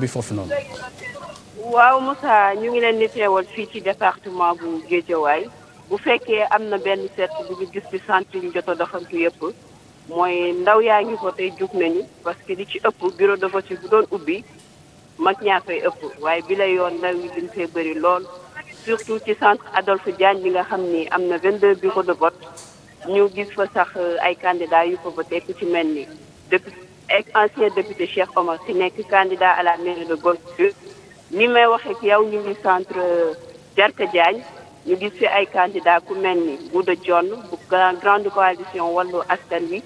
bi foofu waaw Moussa ñu ngi leen di teewal fii ci département bu Guédiawaye bu fekkee am na benn seet bu ñu gis ci centre yi jot a doxantu yëpp mooy ndaw yaa ngi ko tey jug nañu parce que li ci ëpp bureau de vote bu doon ubbi mag ñaa fay ëpp waaye bila yoon ndaw yi duñ fee bëri lool surtout ci centre Adolphe Diagne bi nga xam ni am na 22 bureau de vote ñu gis fa sax euh, ay candidats yu ko voté ku ci mel ni ex ancien député Cheikh Omar ci nekk candidat à la mairie de Golf Sud ni may waxee ak yow ñu ngi centre Jarka euh, Diagne ñu gis fi ay candidat ku mel ni Gouda Dione bu grande coalition Wallu Askan Wi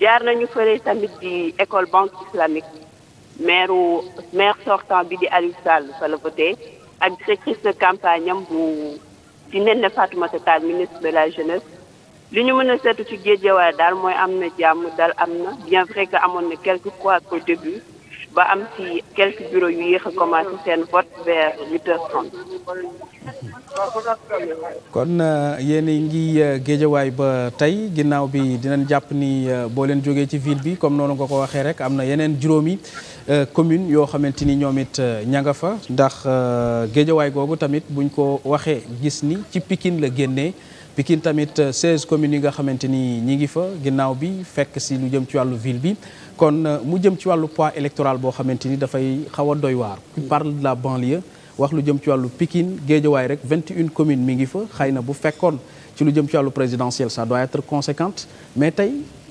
jaar nañu fële tamit di école banque islamique maire maire sortant bi di Aliou Sall fa la ak directrice de campagne am bu ci Néné Fatoumata Tall ministre de la jeunesse li ñu mën a seetu ci géejewaay daal mooy am na jàmm daal am na bien vrai que amoon na quelques fois au début ba am ci quelques bureaux yu yéex a commencé seen vote vers huit heures trente. kon euh, yéen a ngi euh, géejewaay ba tey ginnaaw bi dinañ jàpp ni euh, boo leen jógee ci ville bi comme noonu nga ko waxee rek am na yeneen juróomi commune yoo xamante ni ñoom it ña nga fa ndax géejewaay googu tamit buñ ko waxee gis ni ci pikin la génnee. Pikine tamit 16 euh, communes yi nga xamante ni ñi ngi fa ginnaaw bi fekk si lu jëm ci wàllu ville bi kon euh, mu jëm ci wàllu poids électoral boo xamante ni dafay xaw a doy waar. parle de la banlieue wax lu jëm ci wàllu Pikine Géejawaay rek 21 communes mi ngi fa xëy na bu fekkoon ci lu jëm ci wàllu présidentiel ça doit être conséquente mais tey.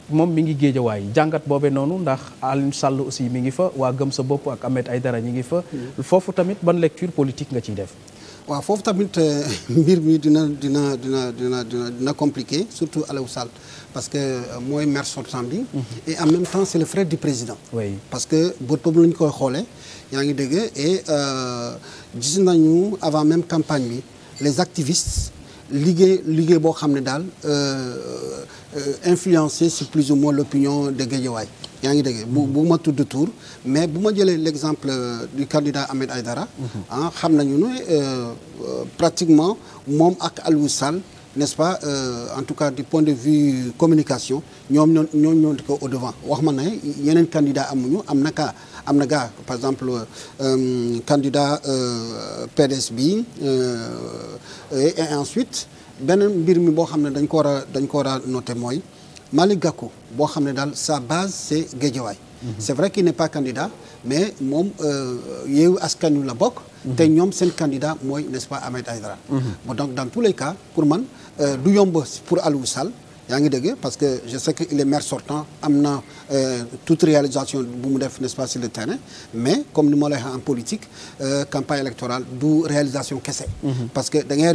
moom mi ngi géejawaay jàngat boobe noonu ndax Alioune Sall aussi mi ngi fa waa Gëm sa bopp ak Ahmed dara ñi ngi fa. Mm. foofu tamit ban lecture politique nga ciy def. waaw foofu tamit euh, mbir mi dina dina dina dina dina dina compliqué surtout Aliou Sall parce que euh, mooy maire sortant bi mhm. et en même temps c'est le frère du président oui. parce que bët boobu la ñu koy xoolee yaa ngi dégg et euh, gis nañu avant même campagne bi les activistes liggéey liggéey boo xam ne daal influencé sur plus ou moins l'opinion de Guédiawaye yaa ngi déggee bu bu ma tudd tour mais bu ma jëlee l' exemple euh, du candidat Ahmed Aydara mhm. ah xam nañu ne euh, euh, pratiquement moom ak Aliou Sall n'est-ce pas euh, en tout cas du point de vue communication ñoom ñoo ñoo ñoo ko au devant wax ma ne yeneen candidat amuñu am na kaa am na gaa par exemple euh, candidat euh, PDS bi et, et ensuite beneen mbir mi boo xam ne dañ ko war dañ ko war a noté mooy Malick Gakou boo xam ne daal sa base c'est Guédiawaye mhm. c'est vrai qu'il n'est pas candidat mais moom euh, Yewwi Askan Wi la bokk mhm. te ñoom seen candidat mooy n'est-ce pas Ahmed Aïdara mhm. dans tous les cas pour man euh, du yomb pour Aliou Sall yaa ngi dégg parce que je sais que il est maire sortant am na euh, toute réalisation bu mu def n'est-ce pas sur le terrain mais comme ni ma lay wax en politique campagne électorale du réalisation kese parce que da ngay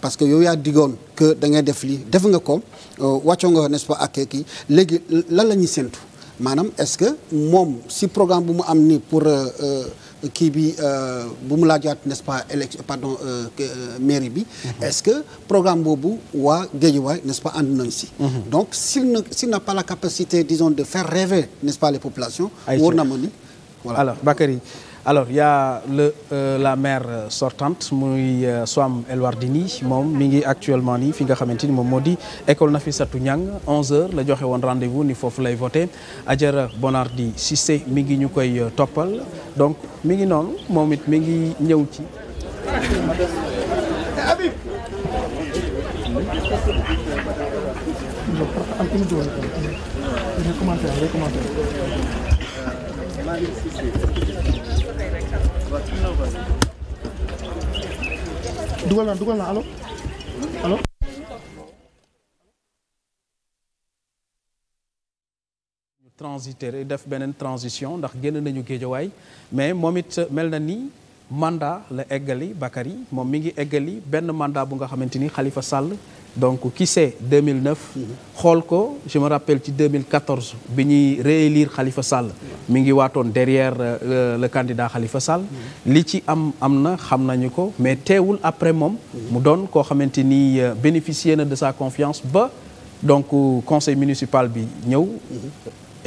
parce que yow yaa digoon que da ngay def lii def nga ko euh, wàccoo nga nest ak kii léegi lan la ñuy séntu maanaam est-ce que moom si programme bu mu am nii pour euh, euh, kii bi bu mu laajaat n'est-ce pas élection pardon mairie bi. Mhm. est-ce que programme boobu waa Guédiawaye n'est-ce pas ànd nañ si. Mhm. donc s'il ne s'il n'a pas la capacité disons de faire rêver n'est-ce pas les populations. ay war ni voilà alors y le euh, la maire euh, sortante muy euh, Soham El Wardini moom mi ngi actuellement nii fi nga xamante ni moom moo di école na Nafissatou Niang 11h la joxe woon rendez-vous ni foofu lay voté Adjara Bonardi Cissé mi ngi ñu koy toppal donc mi ngi noonu moom it mi ngi ñëw ci. dugal naa dugal naa allo allo transiter def beneen transition ndax génn nañu géejawaay mais moom it mel na ni mandat la eggali Bakary moom mi ngi eggali benn mandat bu nga xamante ni Khalifa Sall donc qui sait 2009. xool ko je me rappelle ci 2014 bi ñuy réélire xalifa Sall. mi ngi waatoon derrière euh, le candidat xalifa Sall. li ci am am na xam nañu ko mais teewul après moom. mu doon koo xamante ni euh, bénéficier na de sa confiance ba donc conseil municipal bi ñëw.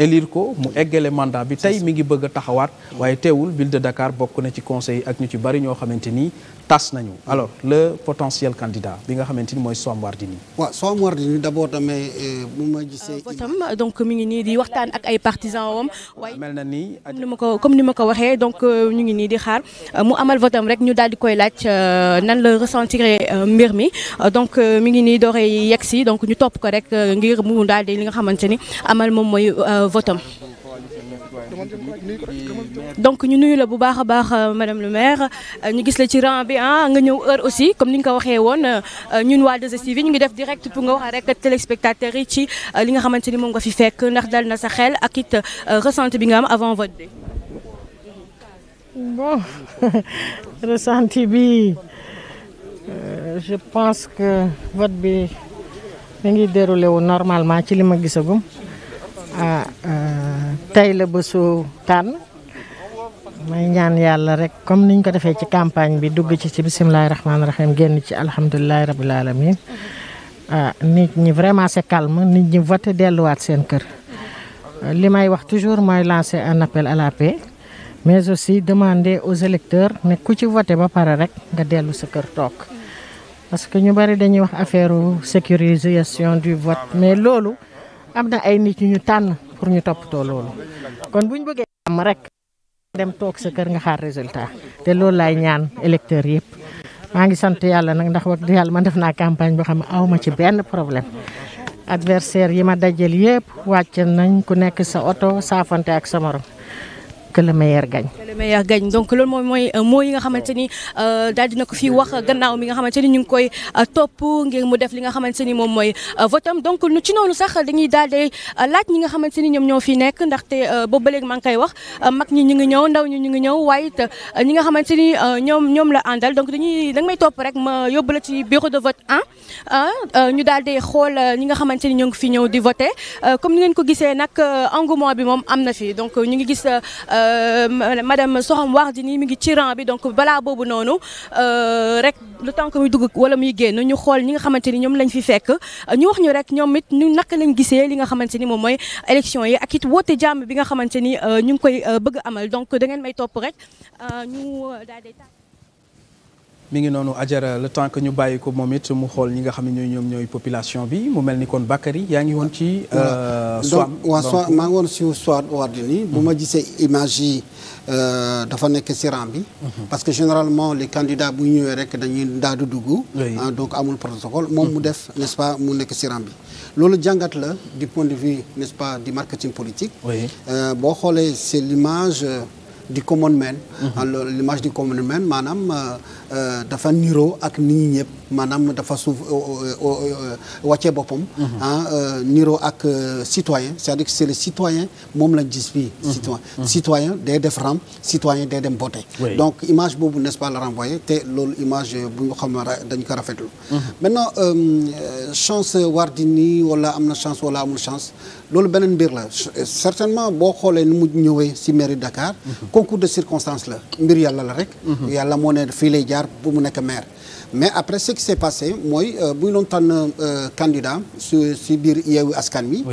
élire ko mu eggale mandat bi tey mi ngi bëgg a taxawaat waaye teewul ville de Dakar bokk na ci conseil ak ñu ci bari ñoo xamante ni tas nañu alors le potentiel candidat bi nga xamante ni mooy Soham Wardini waaw Soham Wardini d'abord tamit euh, bu ma gisee euh, votam donc mi ngi nii di waxtaan ak ay partisans wam waaye mel na ni ni ma ko comme ni ma ko waxee donc mu euh, ngi nii di xaar mu amal votam rek ñu daal di koy laaj nan la ressentir mbir mi donc mu ngi nii dooree yegg si donc ñu topp ko rek ngir mu daal di li ni amal moom votam donc ñu nuyu la bu baax a baax euh, madame le maire euh, ñu gis la ci rang bi ah nga ñëw heure aussi comme ni nga ko waxee woon euh, ñun waa 2STV ñu ngi def direct pour nga wax rek téléspectateurs yi ci li nga xamante ni moom nga fi fekk ndax dal na sa xel ak it ressenti bi nga am avant vote bi. bon ressenti bi je pense que bi mi ngi déroulé wu normalement ci li ma gisagum. ah tey la bésu tànn may ñaan yàlla rek comme niñ ko defee ci campagne bi dugg ci ci bisimilahi rahmaani rahim génn ci alhamdulilahi rabil alamin ah nit ñi vraiment c'est calme nit ñi voté delluwaat seen kër li may wax toujours mooy lancer un appel à la paix mais aussi demander aux électeurs ne ku ci voté ba pare rek nga dellu sa kër toog parce que ñu bari dañuy wax affaire sécurisation du vote mais loolu am na ay nit ñu tànn pour ñu toppatoo loolu kon bu ñu bëggee am rek dem toog sa kër nga xaar résultat te loolu laay ñaan électeurs yëpp maa ngi sant yàlla nag ndax wax yàlla ma def naa campagne boo xam ne aw ma ci benn problème adversaire yi ma dajal yëpp wàcc nañ ku nekk sa oto saafante ak sa morom que le Meilleur gagne donc loolu moom mooy moo euh, yi nga xamante ni euh, daal dina euh, li nga ni moom mooy votam donc nu ci noonu sax dañuy daal di laaj ñi nga xamante ni ñoom ñoo fi nekk ndaxte boobu ba léegi maa ngi koy wax mag ñi ñu ngi ñëw ndaw ñi ñu ngi ñëw waaye it ñi nga xamante ni ñoom ñoom la àndal donc da nga may topp rek ma yóbbu la ci bureau de vote 1 ñu daal di xool ñi nga xamante ni ñoo ngi fi ñëw di voter comme ni ngeen ko gisee nag bi moom am na fi donc ñu ngi gis madame même soxam wax ji nii mi ngi ci bi donc balaa boobu noonu euh, rek le temps que muy dugg wala muy génn ñu xool ñi nga xamante ni ñoom lañ fi fekk ñu wax ñu rek ñoom it ñu naka lañ gisee li nga xamante ni moom mooy élection yi ak it woote jàmm bi nga xamante ni euh, ñu ngi koy euh, bëgg amal donc da ngeen may topp rek ñu daal di mi ngi noonu Ajara le temps que ñu bàyyi ko moom it mu xool ñi nga xam ne ñooy ñoom ñooy population bi mu mel ni kon Bakary yaa ngi woon ci. Soham donc waaw Soham maa ma gisee Euh, dafa nekk ci rang bi. Mhm. parce que généralement les candidats bu ñëwee rek dañuy daal di dugg. Ah, donc amul protocole moom mu mhm. def n'est-ce pas mu nekk ci bi. loolu jàngat la du point de vue n'est-ce pas du marketing politique. Euh, boo xoolee c'est l'image euh, du common man. Mhm. l'image du common man maanaam. Euh, dafa niroo ak nit ñi ñëpp maanaam dafa suuf euh, euh, wàcce boppam. Mhm. ah niroo ak citoyen c'est-à-dire que c'est le citoyen moom la gis fii. Mhm. citoyen mhm. citoyen day def ram citoyen day dem voter. donc image boobu n'est-ce pas la renvoyer te loolu image bu ñu xam dañ ko rafetlu. maintenant chance war di nii wala am na chance wala amul chance loolu beneen mbir la certainement boo xoolee ni mu ñëwee ci mairie Dakar. concours de circonstance la mbir yàlla la rek. yàlla moo ne fii lay jaar bu nekk maire mais après ce qui s'est passé mooy euh, bu ñu doon tànn euh, candidat si biir yeewu askan wi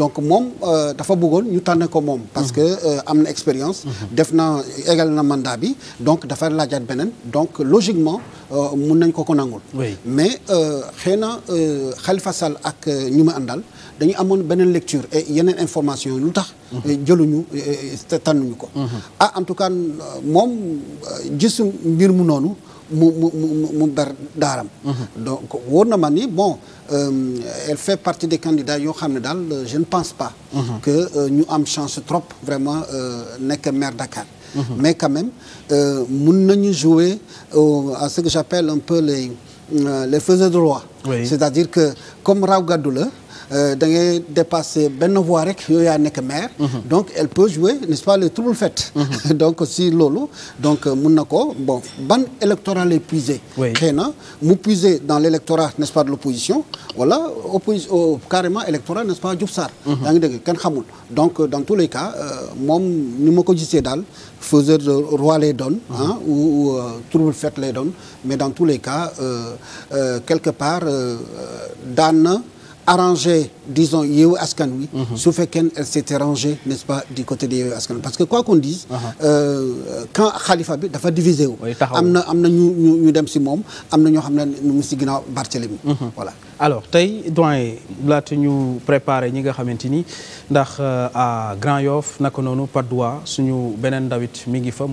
donc moom euh, dafa bëggoon ñu tànn ko moom parce que mhm. am na expérience mhm. def na égal na mandat bi donc dafa laajaat beneen donc logiquement mun nañ ko ko nangul mais xëy na Khalifa Sall ak ñu ma àndal dañu amoon beneen lecture et yeneen information lu tax mhm. jëluñu te ko mhm. ah en tout cas moom gisul mbir mu noonu mu mu mu mu ber daaram mhm. donc wóor na ma ni bon euh, elle fait partie des candidats yoo xam ne daal euh, je ne pense pas que euh, ñu am chance trop vraiment nekk maire Dakar mais quand même mun nañu jouer à ce que j'appelle un peu les les faiseurs de loi oui c'est-à-dire que comme raw gàddu la. Euh, da ngay dépasser benn voie rek yow yaa nekk maire. Mhm. donc elle peut jouer n'est-ce pas le trouble fête. Mhm. donc si loolu donc euh, mun na ko bon ban électorat lay puiser. xëy na mu puiser dans l'électorat n'est-ce pas de l'opposition wala oppos carrément électorat n'est-ce pas Diouf Sarr. Mhm. yaa ngi dégg kenn xamul donc euh, dans tous les cas moom ni ma ko gisee daal faiseur de roi lay doon. ah ou trouble fête lay doon mais dans tous les cas quelque Euh, daan na arrangé disons Yewwi Askan Wi. Mhm. su fekkee elle s'était rangée n'est-ce pas du côté de Yewwi Askan Wi parce que quoi qu'on dise. Uh-huh. Euh, quand Khalifa bi dafa divisé wu. am na am na ñu ñu ñu dem si moom am na ñoo xam ne ñu ngi si ginnaaw Barthélemy. Mhm. voilà alors tey doyen laata ñu préparé ñi nga xamante ni ndax a euh, Grand Yoff naka noonu Patte d'Oie suñu beneen ndawit mi ngi fa.